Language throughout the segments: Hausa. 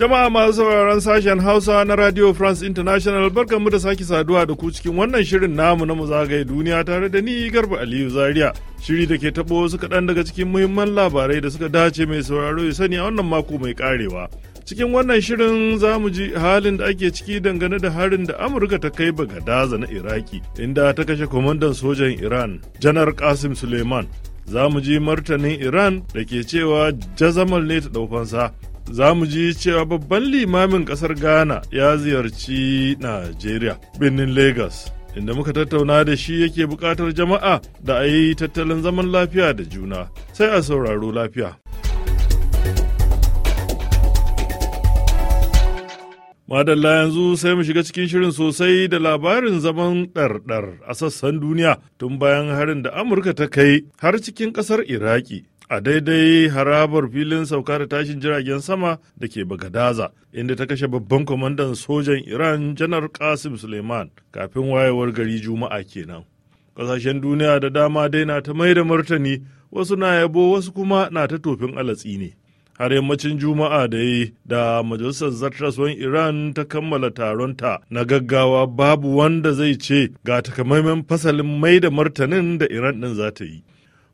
Jama'a masu sauraron sashen Hausa na Radio France International barkanmu da sake saduwa da ku cikin wannan shirin namu na muzagaye duniya tare da ni Garba Aliyu Zaria. Shiri da ke tabo wasu kaɗan daga cikin muhimman labarai da suka dace mai sauraro ya sani a wannan mako mai karewa. Cikin wannan shirin za mu ji halin da ake ciki dangane da harin da Amurka ta kai Bagadaza na Iraki, inda ta kashe kwamandan sojan Iran, Janar Qasim Suleiman. Za mu ji martanin Iran da ke cewa jazamal ne ta ɗaukansa. za mu ji cewa babban limamin kasar ghana ya ziyarci najeriya birnin lagos inda muka tattauna da shi yake bukatar jama'a da a yi tattalin zaman lafiya da juna sai a sauraro lafiya Madalla yanzu sai mu shiga cikin shirin sosai da labarin zaman ɗarɗar a sassan duniya tun bayan harin da Amurka ta kai har cikin ƙasar Iraki a daidai harabar filin sauka da tashin jiragen sama da ke bagadaza inda ta kashe babban kwamandan sojan iran janar kasim suleiman kafin wayewar gari juma'a kenan ƙasashen duniya da dama dai na ta mai da martani wasu na yabo wasu kuma na ta tofin alatsi ne har yammacin juma'a da yi da majalisar zartaswan iran ta kammala taronta na gaggawa babu wanda zai ce ga takamaiman fasalin mai da martanin da iran ɗin za ta yi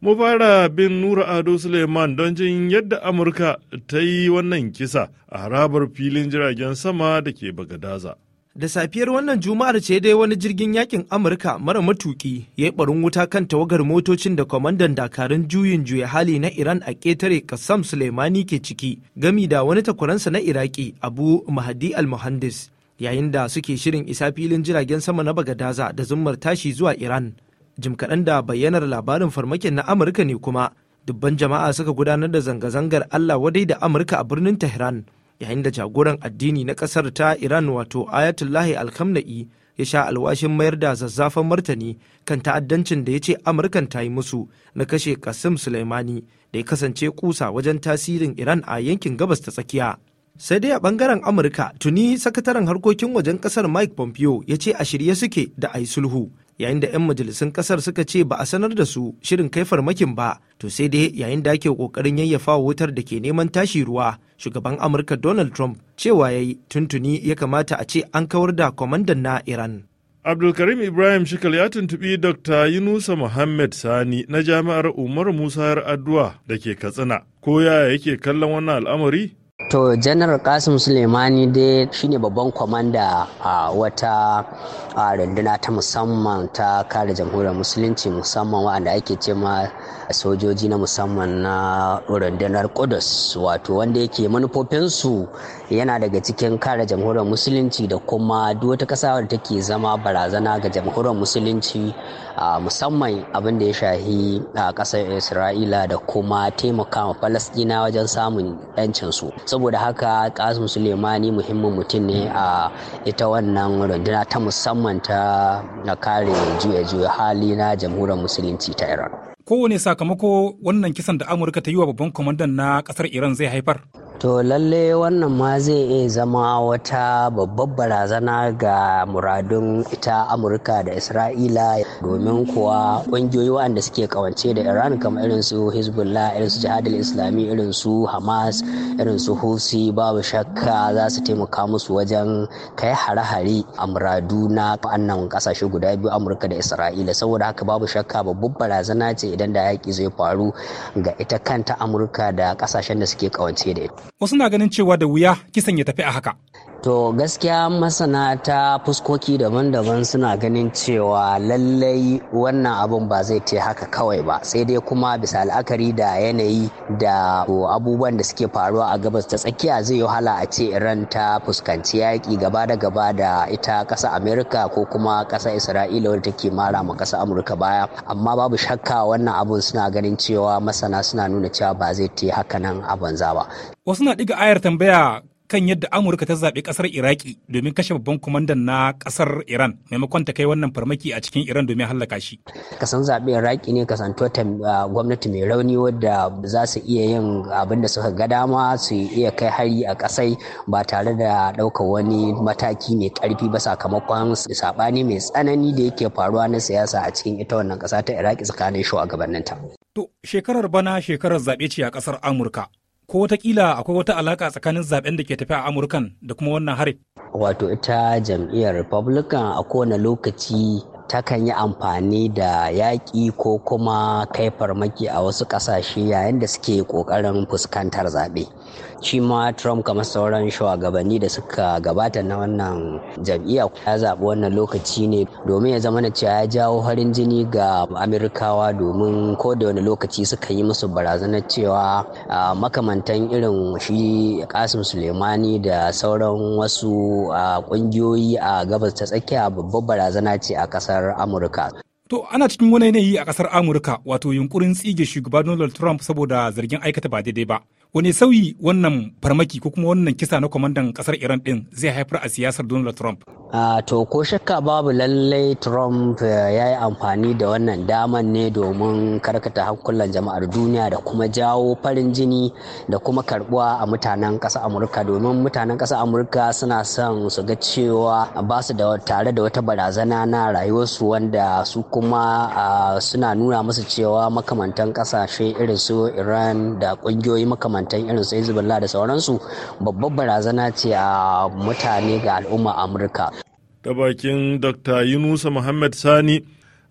mu fara bin Nura Ado Suleiman don jin yadda Amurka ta yi wannan kisa a harabar filin jiragen sama da ke Bagadaza. Da safiyar wannan Juma'ar ce dai wani jirgin yakin Amurka mara matuki ya yi barin wuta kan tawagar motocin da kwamandan dakarun juyin juya hali na Iran a ƙetare kassam Suleimani ke ciki gami da wani takwaransa na Iraki Abu mahadi al-Muhandis yayin da suke shirin isa filin jiragen sama na Bagadaza da zummar tashi zuwa Iran. jim kaɗan da bayyanar labarin farmakin na amurka ne kuma dubban jama'a suka gudanar da zanga-zangar allah wadai da amurka a birnin tehran yayin da jagoran addini na ƙasar ta iran wato ayatullahi alkamna'i ya sha alwashin mayar da zazzafan martani kan ta'addancin da ya ce amurkan ta yi musu na kashe kasim suleimani da ya kasance kusa wajen tasirin iran a yankin gabas ta tsakiya sai dai a bangaren amurka tuni sakataren harkokin wajen kasar mike pompeo ya ce a shirye suke da a yi sulhu yayin da 'yan majalisun kasar suka ce ba a sanar da su shirin kai farmakin ba to sai dai yayin da ake kokarin yayyafa wutar da ke neman tashi ruwa shugaban amurka donald trump cewa ya yi tuntuni ya kamata a ce an kawar da kwamandan na iran abdulkarim ibrahim shikal ya tuntubi dr yunusa muhammad sani na jami'ar umar musa addu'a da ke katsina ko yaya yake kallon wannan al'amari to janar kasim suleimani dai shine babban kwamanda a wata runduna ta musamman ta kare jamhuriyar musulunci musamman wa'anda ake ce ma sojoji na musamman na rundunar kudus wato wanda yake manufofinsu yana daga cikin kare jamhuriyar musulunci da kuma duk wata ƙasa da take zama barazana ga jamhuriyar musulunci musamman abin da ya shahi a kasar isra'ila da kuma taimaka taimakawa falasɗina wajen samun 'yancinsu saboda haka kasim suleimani muhimmin mutum ne a ita wannan runduna ta musamman ta kare juya-juya hali na jamhuriyar musulunci ta iran kowane sakamako wannan kisan da amurka ta yi wa babban kwamandan na kasar iran zai haifar to lalle wannan ma zai iya zama wata babbar barazana ga muradun ita amurka da isra'ila domin kuwa ƙungiyoyi waɗanda suke kawance da iran kamar irin su hezbollah irin su jihadar islami irin su hamas irin su husi babu shakka za su taimaka musu wajen kai hare-hare a muradu na annan ƙasashe guda biyu amurka da isra'ila saboda haka babu shakka babbar barazana ce idan da yaƙi zai faru ga ita kanta amurka da ƙasashen da suke kawance da ita wasu na ganin cewa da wuya kisan ya tafi a haka To gaskiya masana ta fuskoki daban-daban suna ganin cewa lallai wannan abun ba zai ce haka kawai ba sai dai kuma bisa la'akari da yanayi da abubuwan da suke faruwa a gabas ta tsakiya zai yi wahala a ce Iran ta fuskanci yaƙi gaba da gaba da ita ƙasa Amerika ko kuma ƙasa Isra'ila wadda take mara ma ƙasa Amurka baya amma babu shakka wannan abun suna ganin cewa masana suna nuna cewa ba zai te haka nan a banza ba. Wasu na ɗiga ayar tambaya kan yadda Amurka ta zaɓi ƙasar Iraki domin kashe babban kwamandan na ƙasar Iran maimakon ta kai wannan farmaki a cikin Iran domin hallaka shi. Kasan zaɓe Iraki ne kasanto ta gwamnati mai rauni wadda za su iya yin abin da suka ga dama su iya kai hari a ƙasai ba tare da ɗaukar wani mataki mai ƙarfi ba sakamakon saɓani mai tsanani da yake faruwa na siyasa a cikin ita wannan ƙasa ta Iraki tsakanin shugabanninta. To shekarar bana shekarar zaɓe ce a ƙasar Amurka ko wataƙila akwai wata alaƙa tsakanin zaɓen da ke tafi a amurkan da kuma wannan harin wato ita jam'iyyar republican a kowane lokaci takan yi amfani da yaƙi ko kuma kai farmaki a wasu ƙasashe yayin da suke ƙoƙarin fuskantar zaɓe shi ma trump kamar sauran shugabanni da suka gabata na wannan jam'iyya ya zaɓi wannan lokaci ne domin ya zama na cewa ya jawo harin jini ga amurkawa domin ko da wani lokaci suka yi musu barazanar cewa makamantan irin shi kasim suleimani da sauran wasu ƙungiyoyi a gabas ta tsakiya babbar barazana ce a kasar amurka To ana cikin wani yanayi a kasar Amurka wato yunkurin tsige shugaba Donald Trump saboda zargin aikata ba daidai ba. Wane sauyi wannan farmaki ko kuma wannan kisa na kwamandan kasar Iran din zai haifar a siyasar Donald Trump? Ah, to ko shakka babu lallai trump eh, ya yi amfani da wannan daman ne domin karkata hankulan jama'ar duniya da kuma jawo farin jini da kuma karbuwa a mutanen ƙasa amurka domin mutanen ƙasa amurka suna son su ga cewa ba su da tare da wata barazana na rayuwarsu wanda su kuma ah, suna nuna musu cewa makamantan ƙasashe irin su iran da ƙungiyoyi makamantan irin su da sauransu babbar barazana ce a mutane ga al'umma amurka ta bakin Dr. Yunusa Muhammad Sani.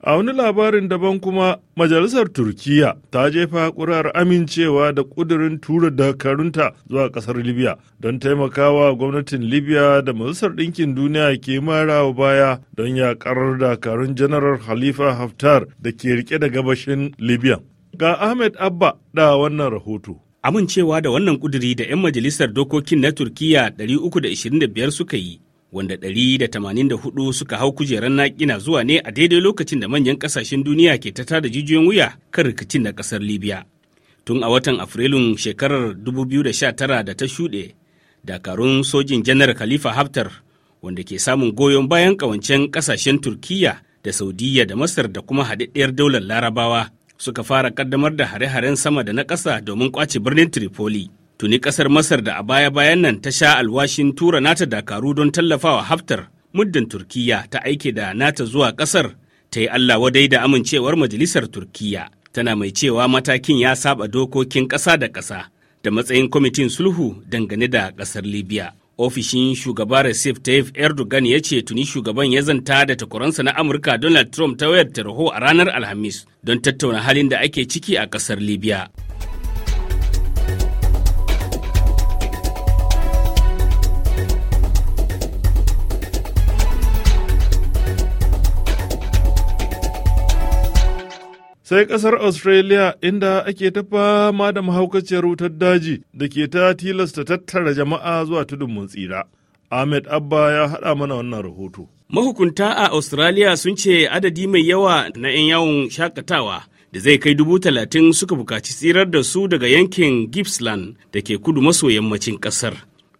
A wani labarin daban kuma Majalisar Turkiyya ta jefa ƙuri'ar amincewa da ƙudurin tura dakarunta zuwa ƙasar Libya don taimakawa gwamnatin Libya da Majalisar Ɗinkin Duniya ke marawa baya don yaƙar dakarun Janaral Khalifa Haftar da ke rike da gabashin Libya. Ga Ahmed Abba da wannan rahoto. Amincewa da wannan ƙuduri da 'yan majalisar dokokin na Turkiyya 325 suka yi wanda 184 suka hau kujerar nakina zuwa ne a daidai lokacin da manyan kasashen duniya ke ta tada jijiyoyin wuya kan rikicin na kasar libya tun a watan afrilun shekarar 2019 da ta shuɗe dakarun sojin janar khalifa haftar wanda ke samun goyon bayan ƙawancen kasashen turkiyya da saudiya da masar da kuma haɗaɗɗiyar daular larabawa suka fara kaddamar da hare-haren sama da na ƙasa domin kwace birnin tripoli tuni kasar masar da a baya-bayan nan ta sha alwashin tura nata dakaru don tallafawa haftar muddin turkiyya ta aike da nata zuwa kasar ta yi allah wadai da amincewar majalisar turkiyya tana mai cewa matakin ya saba dokokin ƙasa da ƙasa da matsayin kwamitin sulhu dangane da ƙasar libya ofishin shugaba recep tayyip erdogan ya ce tuni shugaban ya zanta da takwaransa na amurka donald trump ta wayar tarho a ranar alhamis don tattauna halin da ake ciki a ƙasar libya sai kasar australia inda ake ta fama da mahaukaciyar wutar daji da ke ta tilasta tattara jama'a zuwa tudun mun tsira ahmed abba ya haɗa mana wannan rahoto mahukunta a australia sun ce adadi mai yawa na 'yan yawon shakatawa da zai kai dubu talatin suka bukaci tsirar da su daga yankin gippsland da ke kudu maso yammacin kasar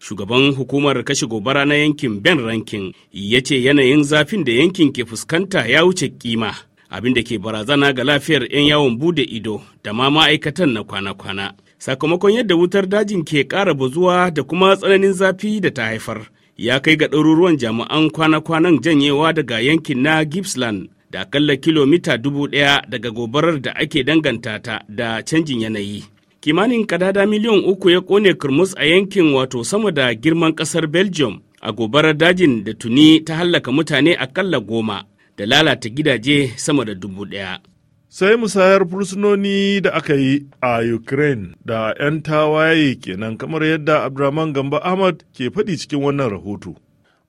shugaban hukumar kashe gobara na yankin ben rankin ya ce yanayin zafin da yankin ke fuskanta ya wuce kima abin da ke barazana ga lafiyar 'yan yawon bude ido da ma ma'aikatan na kwana-kwana sakamakon yadda wutar dajin ke ƙara bazuwa da kuma tsananin zafi da ta haifar ya kai ga ɗaruruwan jami'an kwana-kwanan janyewa daga yankin na gippsland da akalla kilomita dubu ɗaya daga gobarar da ake danganta ta da canjin yanayi kimanin kadada miliyan uku ya kone kurmus a yankin wato sama da girman ƙasar belgium a gobarar dajin da tuni ta hallaka mutane akalla goma da lalata gidaje sama da dubu ɗaya. sai musayar fursunoni da aka yi a ukraine da 'yan tawaye kenan kamar yadda Abdurrahman gamba ahmad ke faɗi cikin wannan rahoto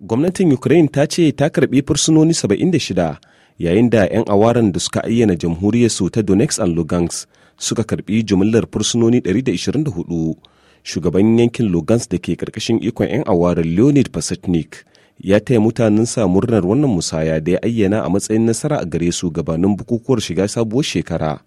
gwamnatin ukraine ta ce ta karɓi fursunoni 76 yayin da 'yan awaran da suka ayyana jamhuriyar su ta donetsk and lugansk suka karɓi jumillar fursunoni 124 shugaban yankin lugansk da ke ƙarƙashin ikon 'yan awaran leonid Pasetnik ya taya mutanen sa murnar wannan musaya da ya ayyana a matsayin nasara a gare su gabanin bukukuwar shiga sabuwar shekara.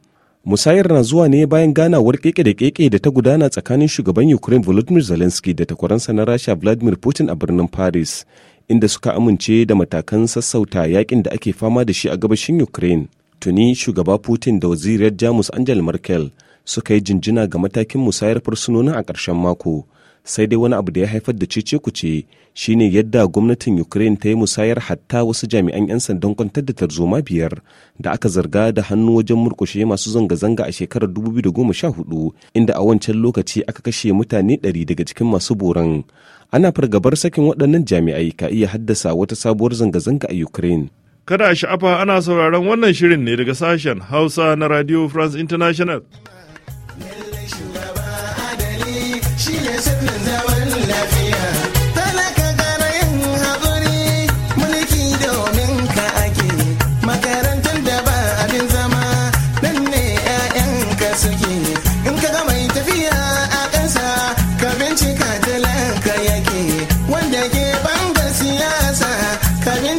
Musayar na zuwa ne bayan ganawar keke da keke da ta gudana tsakanin shugaban Ukraine Volodymyr Zelensky da takwaransa na Rasha Vladimir Putin a birnin Paris, inda suka amince da matakan sassauta yakin da ake fama da shi a gabashin Ukraine. Tuni shugaba Putin da waziriyar Jamus angel Merkel suka yi jinjina ga matakin musayar fursunonin a ƙarshen mako, sai dai wani abu da ya haifar da cece kuce shine yadda gwamnatin ukraine ta yi musayar hatta wasu jami'an 'yan sandan kwantar da tarzoma biyar da aka zarga da hannu wajen murkushe masu zanga-zanga a shekarar 2014 inda a wancan lokaci aka kashe mutane 100 daga cikin masu boran ana fargabar sakin waɗannan jami'ai ka iya haddasa wata sabuwar zanga-zanga a ukraine kada a sha'afa ana sauraron wannan shirin ne daga sashen hausa na radio france international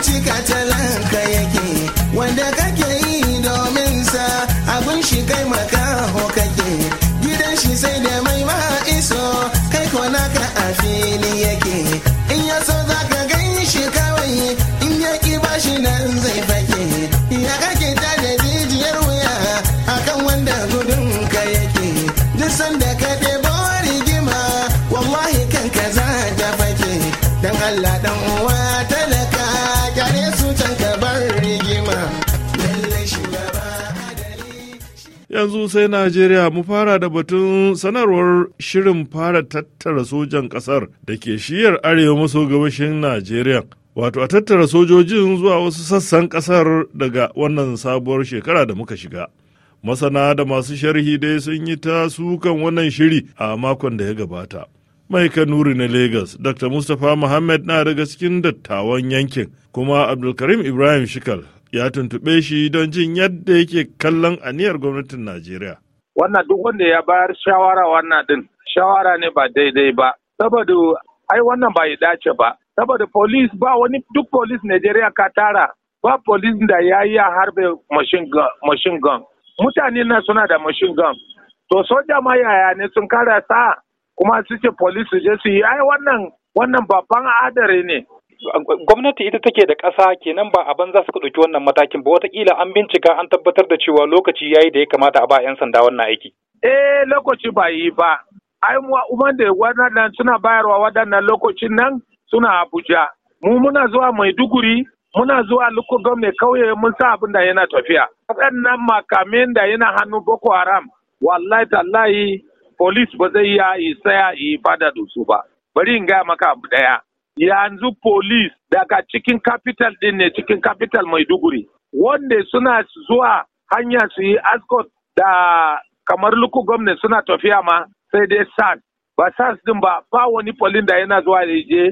chikatela sosai Najeriya mu fara da batun sanarwar shirin fara tattara sojan kasar da ke shiyar arewa maso gabashin Najeriya. Wato a tattara sojojin zuwa wasu sassan kasar daga wannan sabuwar shekara da muka shiga. Masana da masu sharhi dai sun yi ta sukan wannan shiri a makon da ya gabata. mai kanuri na Legas, Dr. Mustapha Muhammad na daga cikin dattawan yankin, kuma Abdulkarim Ibrahim Shikal ya tuntuɓe shi don jin yadda yake kallon aniyar gwamnatin Najeriya. Wannan duk wanda ya bayar shawara wannan din shawara ne ba daidai ba. Saboda ai wannan ba ya dace ba. Saboda polis ba wani duk polis Najeriya ka tara ba polis da ya yi harbe machine gun. Mutane na suna da machine gun. To soja ma yaya ne sun kara sa kuma su ce polis su je su yi ai wannan wannan babban adare ne. gwamnati ita take da ƙasa kenan ba a banza suka ɗauki wannan matakin ba watakila an bincika an tabbatar da cewa lokaci ya yi da ya kamata a ba 'yan sanda wannan aiki. Eh lokaci ba yi ba. Ai umar da waɗannan suna bayarwa waɗannan lokacin nan suna Abuja. Mu muna zuwa Maiduguri, muna zuwa Lukko gwamnati, kauye mun sa abin da yana tafiya. Waɗannan makamin da yana hannu Boko Haram, wallahi tallahi, polis ba zai iya yi tsaya yi fada da su ba. Bari in gaya maka abu ɗaya. yanzu police daga cikin capital din ne cikin mai duguri. wanda suna zuwa hanya su yi ascot da kamar luku gwamna suna tafiya ma sai dai sas ba sas din ba ba wani polin da yana zuwa da je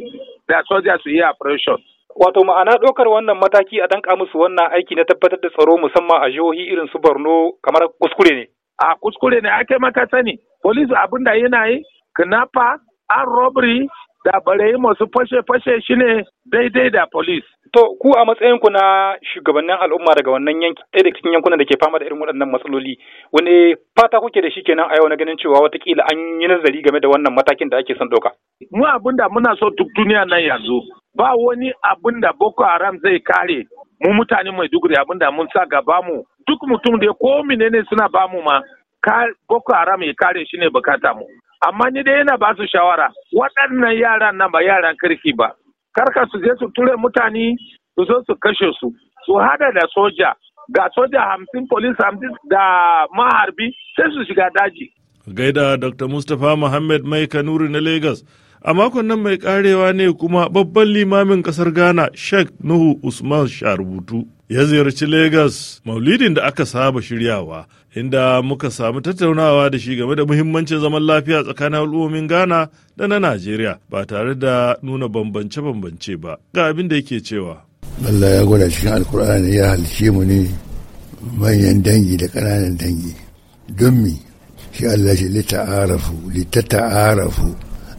da soja su yi operation Wato ma'ana ɗaukar wannan mataki a danka musu wannan aiki na tabbatar da tsaro musamman a jihohi irin su Borno kamar kuskure ne. A kuskure ne ake maka sani. Police abin da yana yi, kidnapper, an robbery, da barayi masu fashe-fashe shi ne, daidai da polis. To ku a matsayin ku na shugabannin al'umma daga wannan yankin, ɗaya daga cikin yankunan da ke fama da irin waɗannan matsaloli wani fata kuke da shi kenan a yau na ganin cewa watakila an yi nazari game da wannan matakin da ake son ɗauka. Mu abin da muna so duk duniya nan yanzu ba wani abin da Boko Haram zai kare mu mutane duguri abin da mun sa gaba mu duk mutum da ko menene suna bamu ma Boko Haram ya kare shi ne bukata mu. amma ni dai yana ba su shawara waɗannan yaran nan ba yaran kirki ba karka su je su ture mutane su zo su kashe su su hada da soja ga soja hamsin polis hamsin da maharbi sai su shiga daji gaida dr mustapha muhammad mai kanuri na lagos a makon nan mai karewa ne kuma babban limamin kasar ghana sheikh nuhu usman sharubutu ya ziyarci lagos maulidin da aka saba shiryawa inda muka samu tattaunawa da shi game da muhimmancin zaman lafiya tsakanin al'ummomin Ghana da na Najeriya ba tare da nuna bambance-bambance ba. Ga abin da yake cewa. Allah ya gwada cikin Alkur'ani ya halice mu ne manyan dangi da ƙananan dangi. Don mi shi Allah shi lita'arafu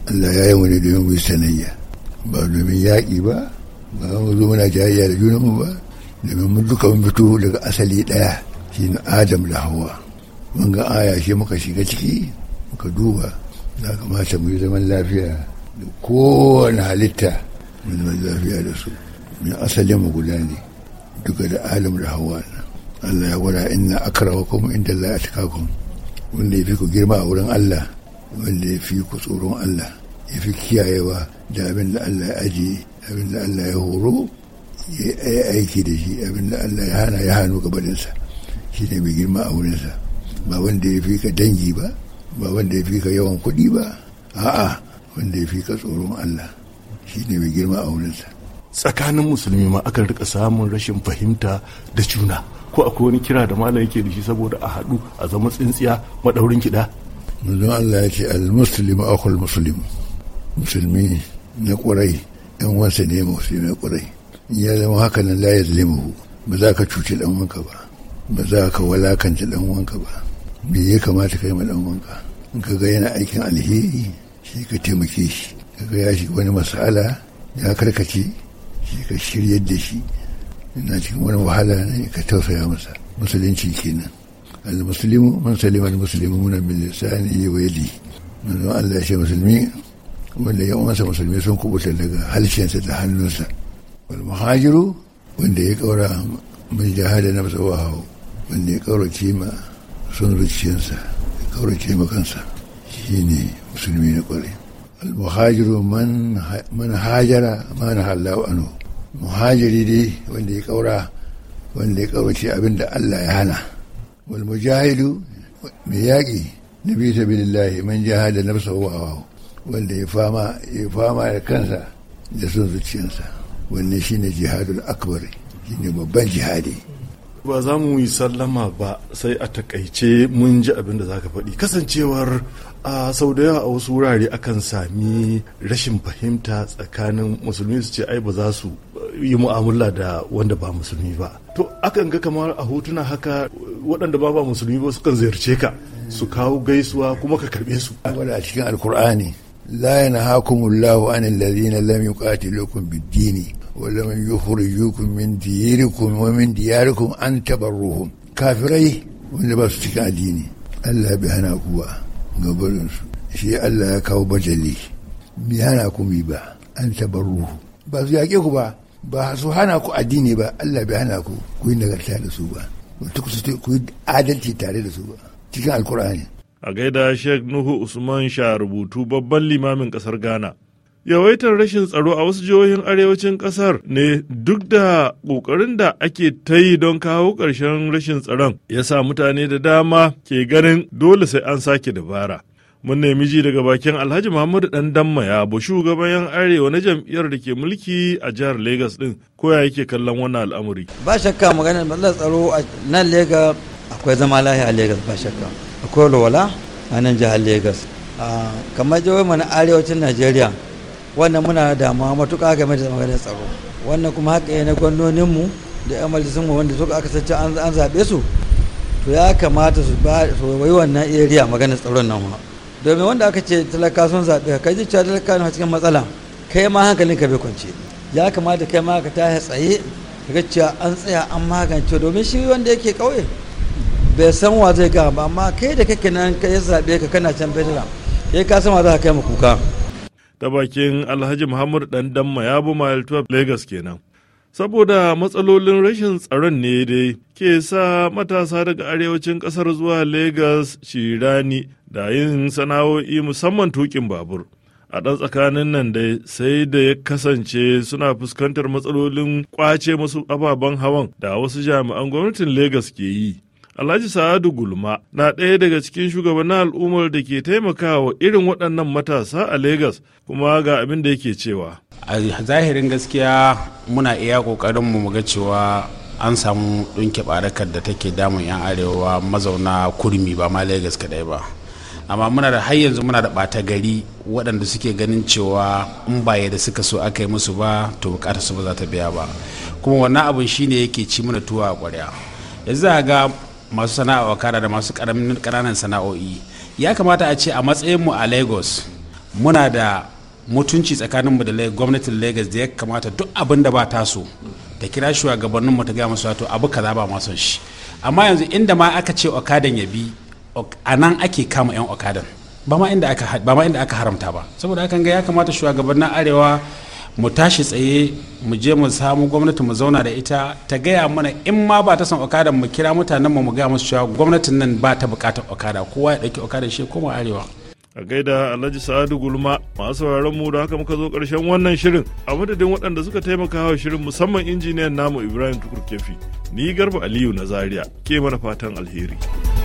Allah ya yi mu ne domin wuce sanayya ba domin yaƙi ba ba mu zo muna jayayya da junanmu ba domin mun duka mun fito daga asali ɗaya. shi adam da hawa mun ga aya shi muka shiga ciki muka duba za kamata mu yi zaman lafiya da kowane halitta mu zaman lafiya da su Mai asalin mu guda ne duka da alam da hawa Allah ya gwada inna kuma inda Allah ya tukakum wanda ya fi ku girma a wurin Allah wanda ya fi ku tsoron Allah ya fi kiyayewa da abin da Allah ya aji, abin da Allah ya horo ya yi aiki da shi abin da Allah ya hana ya hannu gabaninsa. shi ne mai girma a wurinsa ba wanda ya fi ka dangi ba ba wanda ya fi ka yawan kuɗi ba a'a wanda ya fi ka tsoron Allah shi ne mai girma a wurinsa tsakanin musulmi ma akan rika samun rashin fahimta da juna ko akwai wani kira da malam yake da shi saboda a haɗu a zama tsintsiya maɗaurin kiɗa manzon Allah ya ce al-muslimu akhul muslim musulmi na ƙurai yan wansa ne musulmi na ƙurai ya zama haka nan la yazlimu ba za ka cuci ɗan wanka ba ba za ka walakanta dan wanka ba me ya kamata kai ma dan wanka in ka ga yana aikin alheri shi ka taimake shi ka ga ya shiga wani masala ya karkace shi ka shiryar da shi ina cikin wani wahala ne ka tausaya masa musulunci kenan al-muslimu man salima al-muslimu min lisani wa yadi manzon Allah shi musulmi wanda ya umarsa musulmi sun kubuta daga halshensa da hannunsa wal muhajiru wanda ya kaura mai jahada na wa hawa wanda ya kaurace ma son zuciyarsa ya kaurace kansa shine musulmi na kwarai almuhajiru man hajara man halawa anhu muhajiri dai wanda ya kaura wanda ya kaurace abin da Allah ya hana wal mujahidu mai yaƙi na bi sabilillahi man jahada nafsahu wa hawahu wanda ya fama ya fama da kansa da son zuciyarsa shine jihadul akbar shine babban jihadi ba za mu yi sallama ba sai a takaice mun ji abin da za ka faɗi kasancewar a sau da yawa a wasu wurare akan sami rashin fahimta tsakanin musulmi su ce ai ba za su yi mu'amala da wanda ba musulmi ba to akan ga kamar a hotuna haka waɗanda ba ba musulmi ba sukan ziyarce ka su kawo gaisuwa kuma ka karɓe su a cikin alkur'ani la yanhaakumullahu anil ladina lam yuqatilukum bid-dini ولمن يخرجوكم من ديركم ومن دياركم أن تبروهم kafirai wanda ba su cikin addini Allah bai hana ku ba gabarinsu shi Allah ya kawo bajali bai hana ku mi ba an tabar ruhu ba su yaƙe ku ba ba su hana ku addini ba Allah bai hana ku ku nagarta da su ba ku adalci tare da su ba cikin alkur'ani a gaida sheikh nuhu usman sha rubutu babban limamin ƙasar ghana yawaitar rashin tsaro a wasu jihohin arewacin kasar ne duk da ƙoƙarin da ake ta yi don kawo ƙarshen rashin tsaron ya sa mutane da dama ke ganin dole sai an sake dabara. Mun nemi ji daga bakin Alhaji Muhammadu Dan Damma ya bu shugaban yan arewa na jam'iyyar da ke mulki a jihar Legas din ko ya yake kallon wannan al'amari. Ba shakka maganar matsalar tsaro a nan Legas akwai zama lahiya a Legas ba shakka. Akwai walwala a nan jihar Legas. Ah, kamar jihohi mana arewacin Najeriya wannan muna damuwa matuƙa game da maganar tsaro wannan kuma haka ne gwamnoninmu da yan majalisunmu wanda suka aka sace an zaɓe su to ya kamata su ba su wai wannan area maganar tsaron nan domin wanda aka ce talaka sun zaɓe ka ji cewa talaka na cikin matsala kai ma hankalin ka bai kwance ya kamata kai ma ka tashi tsaye ka cewa an tsaya an magance domin shi wanda yake ƙauye bai san wa zai gaba amma kai da kake nan ka zaɓe ka kana can federal kai ka san wa za ka kai mu kuka ta bakin alhaji muhammad dan damma ya bi mile 12 lagos kenan saboda matsalolin rashin tsaron ne dai ke sa matasa daga arewacin kasar zuwa Legas shirani da yin sana'o'i musamman tukin babur a ɗan tsakanin nan dai sai da ya kasance suna fuskantar matsalolin kwace masu ababen hawan da wasu jami'an gwamnatin Legas ke yi Alhaji Sa'adu Gulma na ɗaya daga cikin shugabannin al'ummar da ke taimakawa irin waɗannan matasa a Legas kuma ga abin da yake cewa. A zahirin gaskiya muna iya ƙoƙarin mu ga cewa an samu ɗinke barakar da take damun 'yan arewa mazauna kurmi ba ma Legas kaɗai ba. amma muna da har yanzu muna da ɓata gari waɗanda suke ganin cewa in ba da suka so aka yi musu ba to bukatar su ba za ta biya ba kuma wannan abin shine yake ci mana tuwa a ƙwarya yanzu za ga masu sana'a wakara da masu ƙananan sana'o'i ya kamata a ce a matsayin mu a lagos muna da mutunci tsakaninmu da gwamnatin lagos da ya kamata duk abin da ba so. ta kira mu ta gaya masu wato abu kaza ba masu shi amma yanzu inda ma aka ce okadan ya bi a nan ake kama 'yan okadan ba ma inda aka haramta ba saboda hakan ga ya kamata shugabannin arewa mu tashi tsaye mu je mu samu gwamnati mu zauna da ita ta gaya mana in ma ba ta son okada mu kira mutanen mu mu gaya musu cewa gwamnatin nan ba ta bukatar okada kowa ya dauki okada shi kuma arewa a gaida alhaji sa'adu gulma masu sauraron mu da haka muka zo karshen wannan shirin a madadin waɗanda suka taimaka wa shirin musamman injiniyan namu ibrahim tukur kefi ni garba aliyu na zaria ke mana fatan alheri